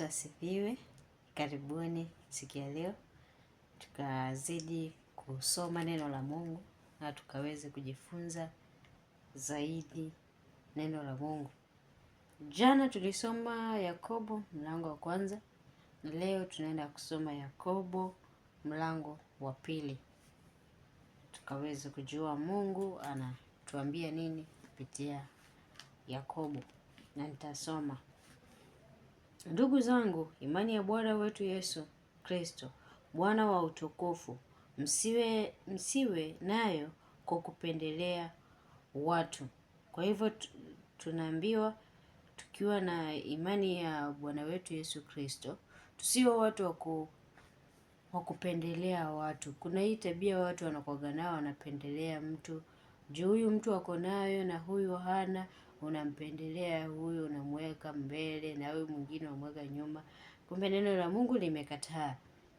Kristo asifiwe. Karibuni siku ya leo tukazidi kusoma neno la Mungu na tukaweze kujifunza zaidi neno la Mungu. Jana tulisoma Yakobo mlango wa kwanza na leo tunaenda kusoma Yakobo mlango wa pili tukaweze kujua Mungu anatuambia nini kupitia Yakobo, na nitasoma Ndugu zangu, imani ya Bwana wetu Yesu Kristo, Bwana wa utukufu, msiwe msiwe nayo kwa kupendelea watu. Kwa hivyo tunaambiwa tukiwa na imani ya Bwana wetu Yesu Kristo, tusiwe watu wa ku wa kupendelea watu. Kuna hii tabia watu wanakuwaga nao, wanapendelea mtu juu, huyu mtu ako nayo na huyu hana unampendelea huyo, unamweka mbele na huyo mwingine unamweka nyuma. Kumbe neno la Mungu limekataa,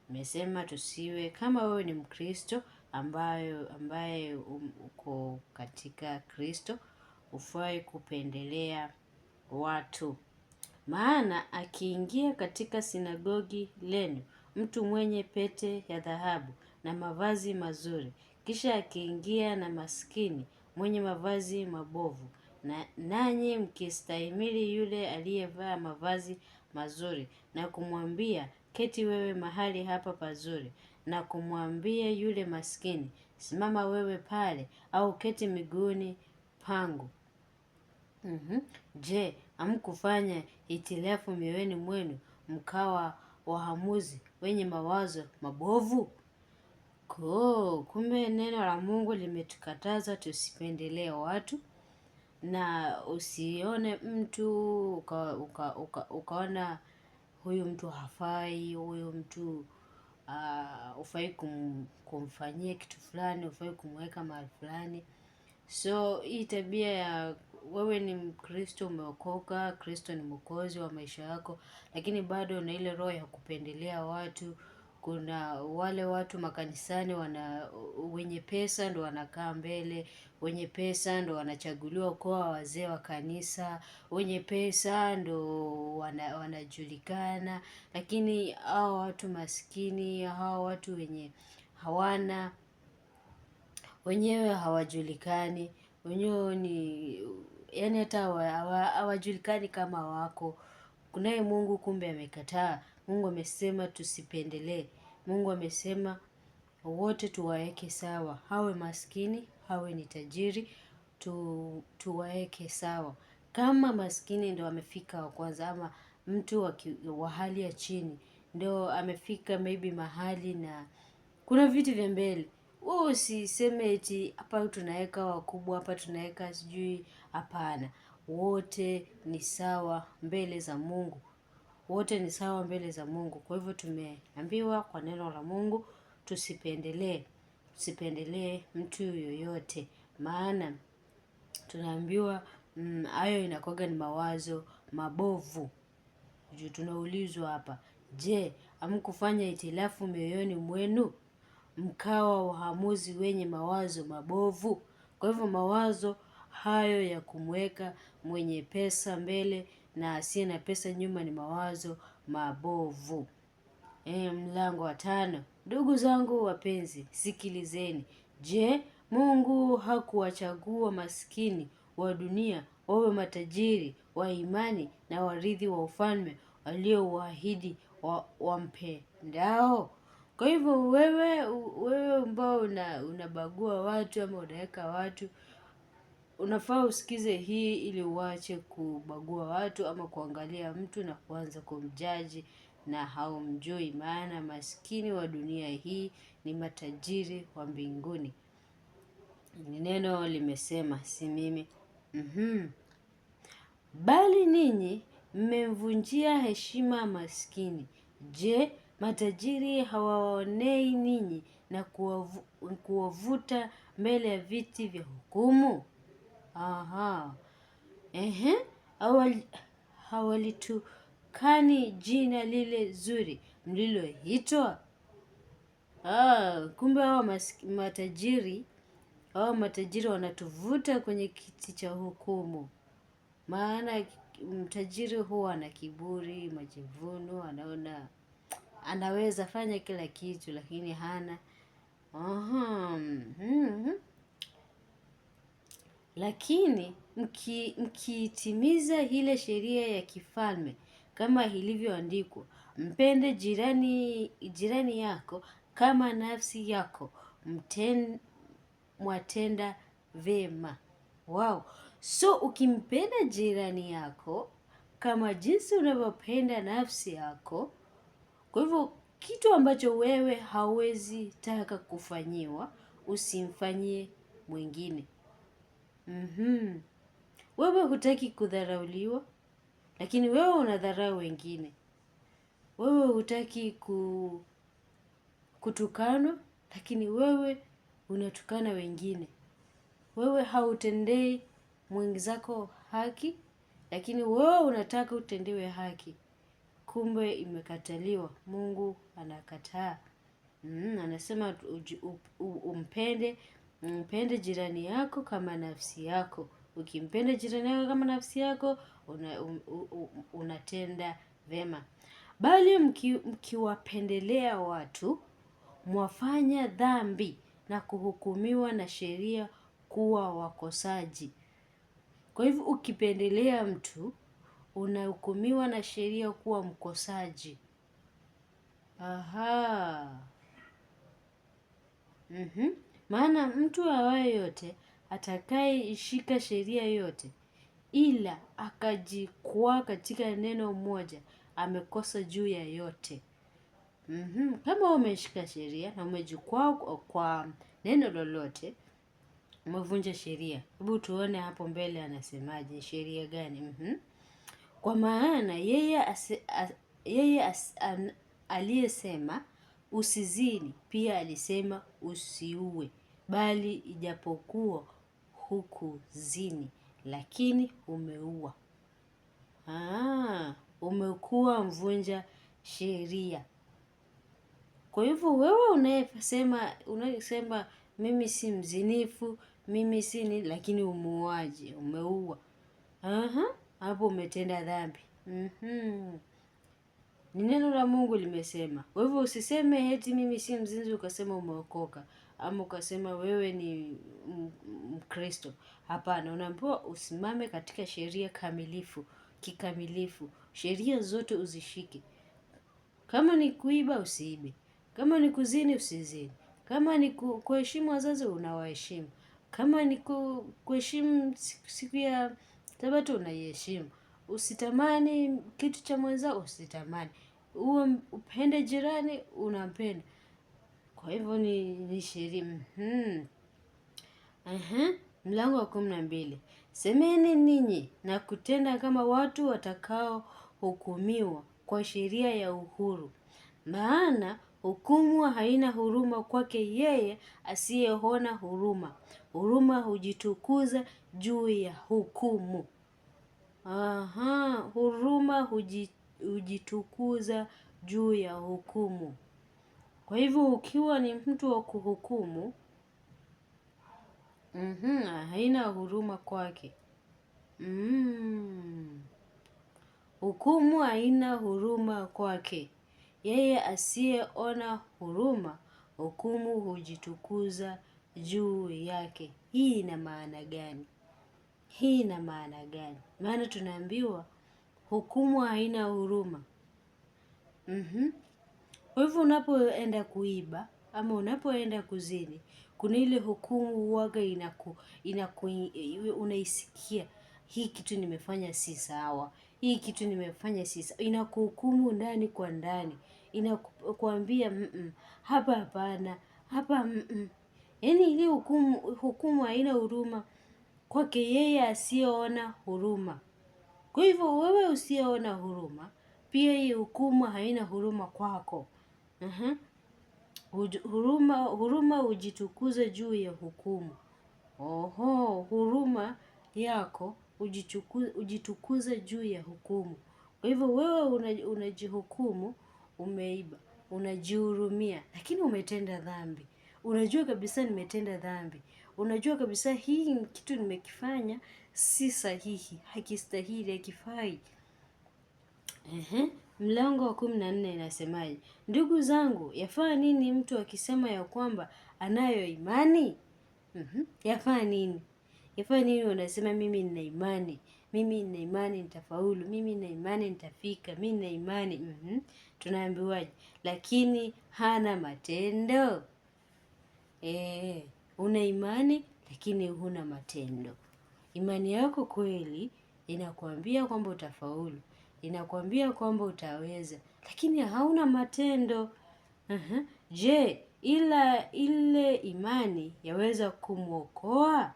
imesema tusiwe kama wewe ni Mkristo ambayo ambaye um, uko katika Kristo, ufai kupendelea watu, maana akiingia katika sinagogi lenu mtu mwenye pete ya dhahabu na mavazi mazuri, kisha akiingia na maskini mwenye mavazi mabovu nanyi mkistahimili yule aliyevaa mavazi mazuri, na kumwambia keti wewe mahali hapa pazuri, na kumwambia yule maskini simama wewe pale, au keti miguuni pangu. mm -hmm. Je, hamkufanya itilafu mioyoni mwenu, mkawa wahamuzi wenye mawazo mabovu? Ko, kumbe neno la Mungu limetukataza tusipendelee watu na usione mtu uka, uka, uka, ukaona huyu mtu hafai, huyu mtu uh, ah, ufai kum, kumfanyia kitu fulani, ufai kumweka mahali fulani. So hii tabia ya wewe ni Mkristo, umeokoka, Kristo ni mwokozi wa maisha yako, lakini bado na ile roho ya kupendelea watu kuna wale watu makanisani wana wenye pesa ndo wanakaa mbele, wenye pesa ndo wanachaguliwa kuwa wazee wa kanisa, wenye pesa ndo wana, wanajulikana. Lakini hao watu maskini, hao watu wenye hawana wenyewe hawajulikani, wenyewe ni yani hata hawajulikani kama wako. Kunaye Mungu kumbe amekataa. Mungu amesema tusipendelee. Mungu amesema wote tuwaeke sawa, awe maskini awe ni tajiri tu, tuwaeke sawa. Kama maskini ndo amefika wa kwanza ama mtu wa, wa hali ya chini ndo amefika maybe mahali na kuna viti vya mbele, wewe usiseme eti hapa tunaweka wakubwa, hapa tunaweka sijui. Hapana, wote ni sawa mbele za Mungu wote ni sawa mbele za Mungu. Kwa hivyo tumeambiwa kwa neno la Mungu tusipendelee, tusipendelee mtu yoyote, maana tunaambiwa mm, hayo mm, inakoga ni mawazo mabovu. Juu tunaulizwa hapa, je, amkufanya itilafu mioyoni mwenu mkawa wahamuzi wenye mawazo mabovu? Kwa hivyo mawazo hayo ya kumweka mwenye pesa mbele na asiye na pesa nyuma ni mawazo mabovu. E, mlango wa tano. Ndugu zangu wapenzi, sikilizeni. Je, Mungu hakuwachagua maskini wa dunia wawe matajiri wa imani na warithi wa ufalme waliouahidi wampendao? wa kwa hivyo wewe wewe ambao una, unabagua watu ama unaweka watu unafaa usikize hii ili uache kubagua watu ama kuangalia mtu na kuanza kumjaji na haumjui, maana maskini wa dunia hii ni matajiri wa mbinguni. Ni neno limesema, si mimi. mm -hmm. Bali ninyi mmemvunjia heshima maskini. Je, matajiri hawaonei ninyi na kuwavuta mbele ya viti vya hukumu? Aha. Ehe. Awali hawalitukani jina lile zuri mliloitwa. Ah, kumbe hao matajiri hao matajiri wanatuvuta kwenye kiti cha hukumu. Maana mtajiri huwa ana kiburi, majivuno, anaona anaweza fanya kila kitu lakini hana. Aha. Hmm. Lakini mkiitimiza ile sheria ya kifalme kama ilivyoandikwa, mpende jirani, jirani yako kama nafsi yako, mten, mwatenda vema. Wow. So ukimpenda jirani yako kama jinsi unavyopenda nafsi yako, kwa hivyo kitu ambacho wewe hauwezi taka kufanyiwa usimfanyie mwingine. Mm-hmm. Wewe hutaki kudharauliwa, lakini wewe unadharau wengine. Wewe hutaki ku kutukanwa, lakini wewe unatukana wengine. Wewe hautendei mwenzako haki, lakini wewe unataka utendewe haki, kumbe imekataliwa. Mungu anakataa. Mm, anasema umpende Mpende jirani yako kama nafsi yako. Ukimpenda jirani yako kama nafsi yako, una, un, um, un, unatenda vema. Bali mki, mkiwapendelea watu, mwafanya dhambi na kuhukumiwa na sheria kuwa wakosaji. Kwa hivyo ukipendelea mtu, unahukumiwa na sheria kuwa mkosaji. Aha. Mm-hmm. Maana mtu awaye yote atakayeishika sheria yote ila akajikwaa katika neno moja amekosa juu ya yote. Mm -hmm. Kama umeshika sheria na umejikwaa kwa neno lolote umevunja sheria. Hebu tuone hapo mbele anasemaje sheria gani? Mm -hmm. Kwa maana yeye ase, a, yeye as, an, aliyesema usizini pia alisema usiue bali ijapokuwa hukuzini, lakini umeua. Ah, umekuwa mvunja sheria. Kwa hivyo wewe unayesema unayesema mimi si mzinifu, mimi si ni, lakini umuaji umeua. Aha, hapo umetenda dhambi. Mhm. Ni neno la Mungu limesema. Kwa hivyo usiseme eti mimi si mzinzi ukasema umeokoka ama ukasema wewe ni Mkristo. Hapana, unaambiwa usimame katika sheria kamilifu, kikamilifu. Sheria zote uzishike. Kama ni kuiba usiibe, kama ni kuzini usizini, kama ni kuheshimu wazazi unawaheshimu, kama ni kuheshimu siku ya Sabato unaiheshimu, usitamani kitu cha mwenzao, usitamani uwe upende jirani unampenda. Kwa hivyo ni, ni ishirini. Hmm. Aha. Mlango wa kumi na mbili. Semeni ninyi na kutenda kama watu watakaohukumiwa kwa sheria ya uhuru, maana hukumu haina huruma kwake yeye asiyeona huruma. Huruma hujitukuza juu ya hukumu. Aha, huruma hujitukuza juu ya hukumu. Kwa hivyo ukiwa ni mtu wa kuhukumu, mhm, haina huruma kwake. Mm. Hukumu haina huruma kwake. Yeye asiyeona huruma, hukumu hujitukuza juu yake. Hii ina maana gani? Hii ina maana gani? Maana tunaambiwa hukumu haina huruma. Mhm. Kwa hivyo unapoenda kuiba ama unapoenda kuzini kuna ile hukumu uwaga inaku, inaku, unaisikia hii kitu nimefanya si sawa, hii kitu nimefanya si sawa. Inakuhukumu ndani kwa ndani, inakuambia hapa hapana, hapa mm yaani ile hukumu hukumu haina huruma kwake yeye asiyeona huruma. Kwa hivyo wewe usiyeona huruma, pia hii hukumu haina huruma kwako. Mhm. Huruma, huruma hujitukuza juu ya hukumu. Oho, huruma yako hujitukuza juu ya hukumu. Kwa hivyo wewe unajihukumu umeiba, unajihurumia, lakini umetenda dhambi. Unajua kabisa nimetenda dhambi. Unajua kabisa hii kitu nimekifanya si sahihi, hakistahili, hakifai. Uhum. Mlango wa kumi na nne inasemaje? Ndugu zangu, yafaa nini mtu akisema ya kwamba anayo imani? mm -hmm. Yafaa nini? Yafaa nini unasema mimi nina imani, mimi nina imani nitafaulu, mimi nina imani nitafika, mimi nina imani mm -hmm. Tunaambiwaje? Lakini hana matendo e, una imani lakini huna matendo. Imani yako kweli inakuambia kwamba utafaulu, inakwambia kwamba utaweza, lakini hauna matendo uh-huh. Je, ila ile imani yaweza kumwokoa?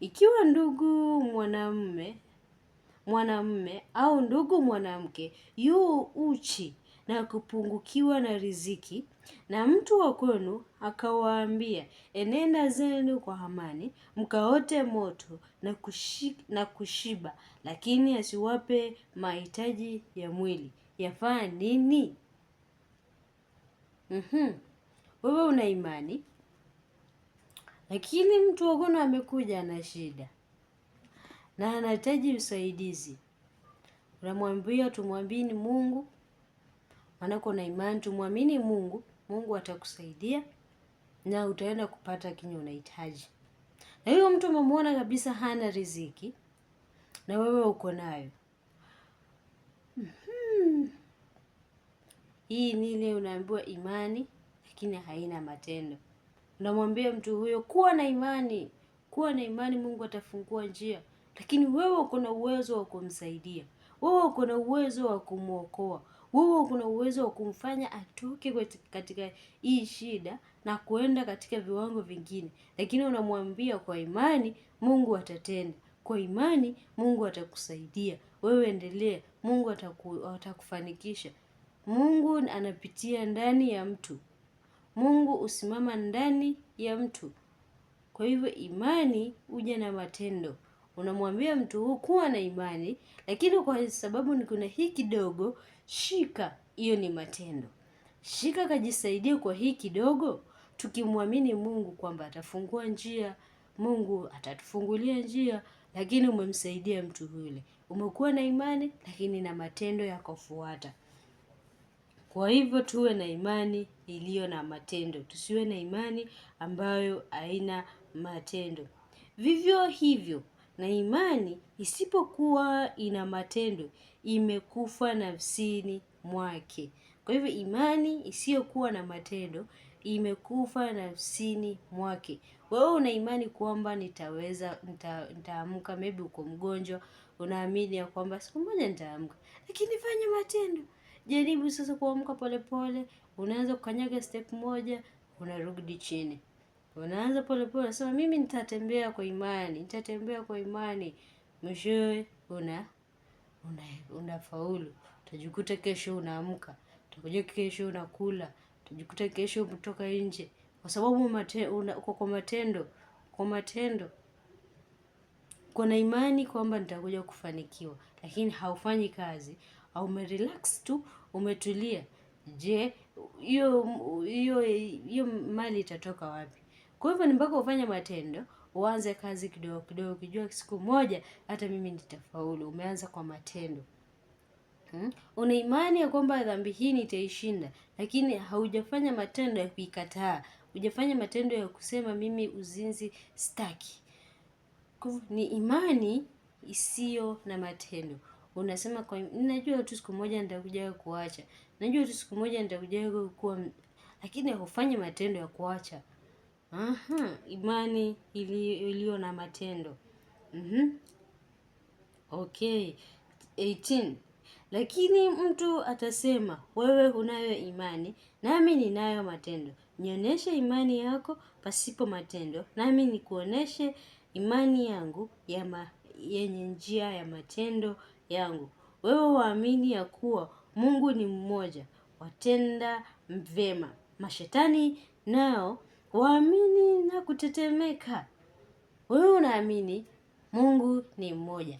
Ikiwa ndugu mwanamume mwanamume au ndugu mwanamke yu uchi na kupungukiwa na riziki, na mtu wa kwenu akawaambia, enenda zenu kwa amani, mkaote moto na, kushi, na kushiba, lakini asiwape mahitaji ya mwili, yafaa nini? Mhm, Wewe una imani lakini mtu wa kwenu amekuja na shida na anahitaji usaidizi, unamwambia tumwambini Mungu uko na imani, tumwamini Mungu, Mungu atakusaidia na utaenda kupata kinyo unahitaji. Na hiyo mtu umemwona kabisa hana riziki na wewe uko nayo hmm. Hii ni ile unaambiwa imani lakini haina matendo. Unamwambia mtu huyo kuwa na imani, kuwa na imani, Mungu atafungua njia, lakini wewe uko na uwezo wa kumsaidia, wewe uko na uwezo wa kumwokoa, wewe kuna uwezo wa kumfanya atoke katika hii shida na kuenda katika viwango vingine, lakini unamwambia kwa imani Mungu atatenda, kwa imani Mungu atakusaidia wewe, endelea, Mungu ataku, atakufanikisha. Mungu anapitia ndani ya mtu, Mungu usimama ndani ya mtu. Kwa hivyo imani huja na matendo unamwambia mtu huu kuwa na imani, lakini kwa sababu ni kuna hii kidogo, shika hiyo. Ni matendo, shika kajisaidie kwa hii kidogo, tukimwamini Mungu kwamba atafungua njia, Mungu atatufungulia njia, lakini umemsaidia mtu yule, umekuwa na imani, lakini na matendo yakafuata. Kwa hivyo tuwe na imani iliyo na matendo, tusiwe na imani ambayo haina matendo. Vivyo hivyo na imani isipokuwa ina matendo imekufa nafsini mwake. Kwa hivyo imani isiyokuwa na matendo imekufa nafsini mwake. Wewe una imani kwamba nitaweza, nitaamka, maybe uko mgonjwa, unaamini ya kwamba siku moja nitaamka, lakini fanya matendo. Jaribu sasa kuamka polepole, unaanza kukanyaga step moja, unarudi chini. Unaanza polepole, nasema mimi nitatembea kwa imani, nitatembea kwa imani, mwishowe una unafaulu una utajikuta kesho unaamka, utakuja kesho unakula, utajikuta kesho umetoka nje, kwa sababu una, kwa matendo kwa matendo kuna imani kwamba nitakuja kufanikiwa, lakini haufanyi kazi au umerelax tu, umetulia. Je, hiyo hiyo hiyo mali itatoka wapi? Kwa hivyo ni mpaka ufanye matendo, uanze kazi kidogo kidogo, ukijua siku moja hata mimi nitafaulu. Umeanza kwa matendo. Hmm? Una imani ya kwamba dhambi hii nitaishinda, lakini haujafanya matendo ya kuikataa, hujafanya matendo ya kusema mimi uzinzi staki. Ni imani isiyo na matendo. Unasema kwa najua tu siku moja nitakuja kuacha, najua tu siku moja nitakuja kuwa, lakini haufanyi matendo ya kuacha. Aha, imani iliyo na matendo. Mm-hmm. Okay. 18. Lakini mtu atasema, wewe unayo imani, nami ninayo matendo. Nionyeshe imani yako pasipo matendo, nami nikuoneshe imani yangu ya ma, yenye njia ya matendo yangu. Wewe waamini ya kuwa Mungu ni mmoja, watenda mvema Mashetani nao waamini na kutetemeka. Wewe unaamini Mungu ni mmoja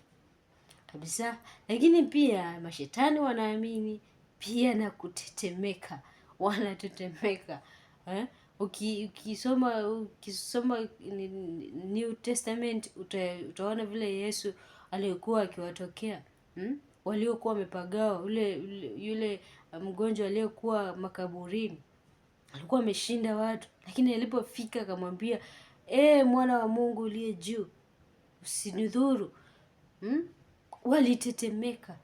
kabisa, lakini pia mashetani wanaamini pia na kutetemeka, wanatetemeka eh? Uki, ukisoma ukisoma New Testament uta, utaona vile Yesu aliyekuwa akiwatokea hmm? waliokuwa wamepagawa, yule mgonjwa aliyekuwa makaburini alikuwa ameshinda watu, lakini alipofika akamwambia e, mwana wa Mungu uliye juu usinidhuru. Hmm? Walitetemeka,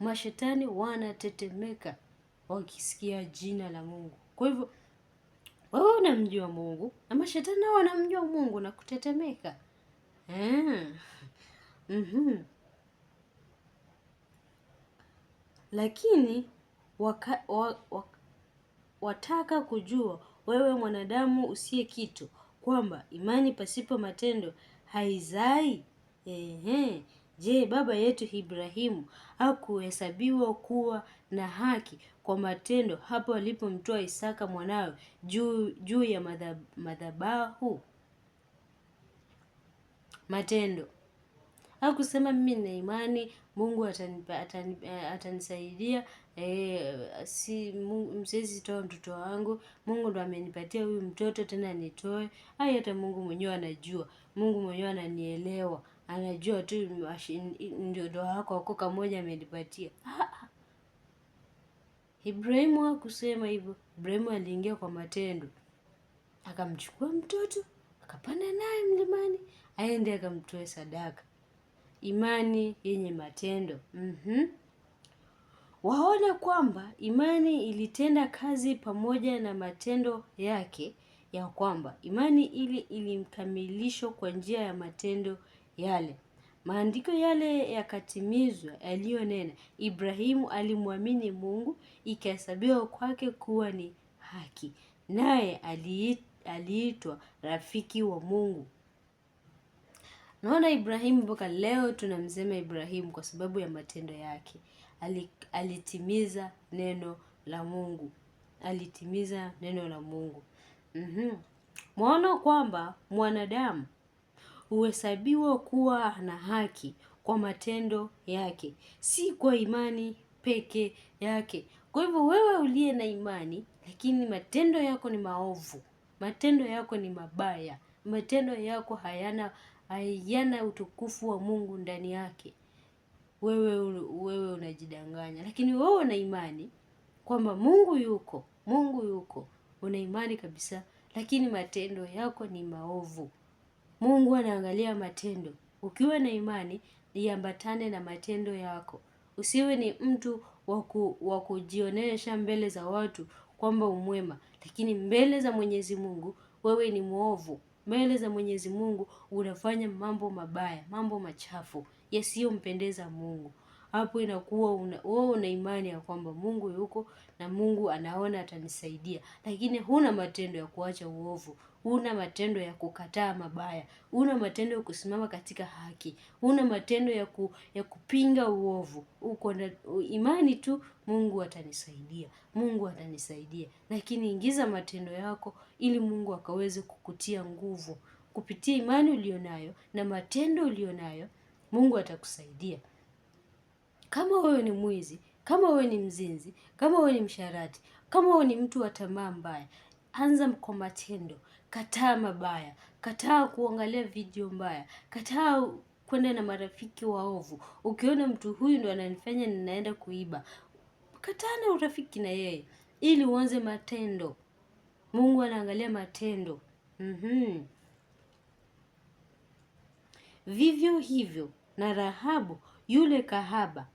mashetani wanatetemeka wakisikia jina la Mungu. Kwa hivyo wewe unamjua Mungu na mashetani nao wanamjua Mungu na kutetemeka. Eh. Mm -hmm. Lakini waka, waka, wataka kujua wewe mwanadamu usiye kitu kwamba imani pasipo matendo haizai? Ehe. Je, baba yetu Ibrahimu hakuhesabiwa kuwa na haki kwa matendo hapo alipomtoa Isaka mwanawe juu juu ya madhabahu? Matendo au kusema mimi nina imani Mungu atanipa eh, atanisaidia eh, si msiwezi toa mtoto wangu Mungu ndo amenipatia huyu mtoto tena nitoe Ai, hata Mungu mwenyewe anajua Mungu mwenyewe ananielewa anajua tu ndio wako wako kamoja amenipatia Ibrahimu hakusema hivyo. Ibrahimu aliingia kwa matendo, akamchukua mtoto akapanda naye mlimani aende akamtoe sadaka imani yenye matendo. Mm-hmm. Waona kwamba imani ilitenda kazi pamoja na matendo yake ya kwamba imani ile ilimkamilishwa kwa njia ya matendo yale. Maandiko yale yakatimizwa yaliyonena, Ibrahimu alimwamini Mungu, ikahesabiwa kwake kuwa ni haki, naye aliitwa rafiki wa Mungu. Naona Ibrahimu mpaka leo tunamsema Ibrahimu kwa sababu ya matendo yake. Alitimiza neno la Mungu, alitimiza neno la Mungu. Mm-hmm. Mwaona kwamba mwanadamu huhesabiwa kuwa na haki kwa matendo yake, si kwa imani peke yake. Kwa hivyo wewe uliye na imani lakini matendo yako ni maovu, matendo yako ni mabaya, matendo yako hayana hayana utukufu wa Mungu ndani yake, wewe wewe unajidanganya. Lakini wewe una imani kwamba Mungu yuko, Mungu yuko, una imani kabisa, lakini matendo yako ni maovu. Mungu anaangalia matendo. Ukiwa na imani, iambatane na matendo yako. Usiwe ni mtu wa kujionyesha mbele za watu kwamba umwema, lakini mbele za Mwenyezi Mungu wewe ni mwovu mbele za Mwenyezi Mungu unafanya mambo mabaya, mambo machafu yasiyompendeza Mungu hapo inakuwa una, wewe una imani ya kwamba Mungu yuko na Mungu anaona atanisaidia, lakini huna matendo ya kuacha uovu, huna matendo ya kukataa mabaya, huna matendo ya kusimama katika haki, huna matendo ya, ku, ya kupinga uovu. Uko na imani tu, Mungu atanisaidia, Mungu atanisaidia, lakini ingiza matendo yako ili Mungu akaweze kukutia nguvu kupitia imani ulionayo na matendo ulionayo, Mungu atakusaidia. Kama wewe ni mwizi, kama wewe ni mzinzi, kama wewe ni msharati, kama wewe ni mtu wa tamaa mbaya, anza kwa matendo, kataa mabaya, kataa kuangalia video mbaya, kataa kwenda na marafiki waovu. Ukiona mtu huyu ndo ananifanya ninaenda kuiba, kataa na urafiki na yeye, ili uanze matendo. Mungu anaangalia matendo. Mm-hmm. Vivyo hivyo na Rahabu yule kahaba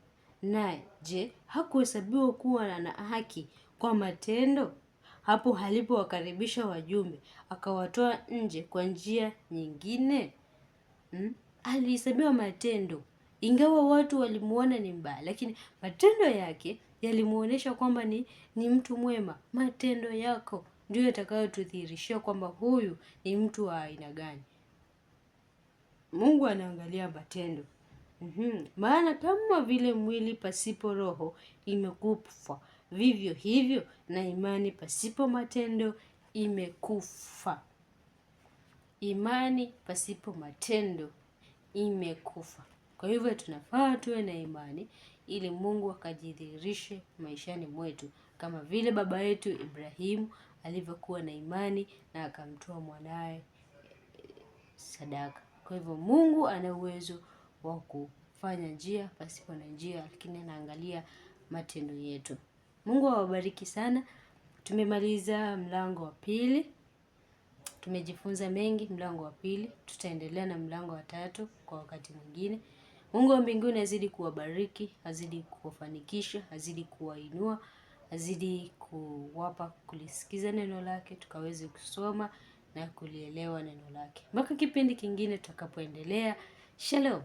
naye je, hakuhesabiwa kuwa na haki kwa matendo? Hapo alipowakaribisha wajumbe akawatoa nje kwa njia nyingine hmm? Alihesabiwa matendo, ingawa watu walimuona ni mbaya, lakini matendo yake yalimuonesha kwamba ni, ni mtu mwema. Matendo yako ndio yatakayotudhihirishia kwamba huyu ni mtu wa aina gani. Mungu anaangalia matendo. Mm-hmm. Maana kama vile mwili pasipo roho imekufa, vivyo hivyo na imani pasipo matendo imekufa. Imani pasipo matendo imekufa. Kwa hivyo tunafaa tuwe na imani ili Mungu akajidhihirishe maishani mwetu, kama vile baba yetu Ibrahimu alivyokuwa na imani na akamtoa mwanaye eh, sadaka. Kwa hivyo Mungu ana uwezo wa kufanya njia pasipo na njia, lakini anaangalia matendo yetu. Mungu awabariki sana. Tumemaliza mlango wa pili, tumejifunza mengi mlango wa pili. Tutaendelea na mlango wa tatu kwa wakati mwingine. Mungu wa mbinguni azidi kuwabariki, azidi kuwafanikisha, azidi kuwainua, azidi kuwapa kulisikiza neno lake, tukaweze kusoma na kulielewa neno lake. Mpaka kipindi kingine tutakapoendelea. Shalom.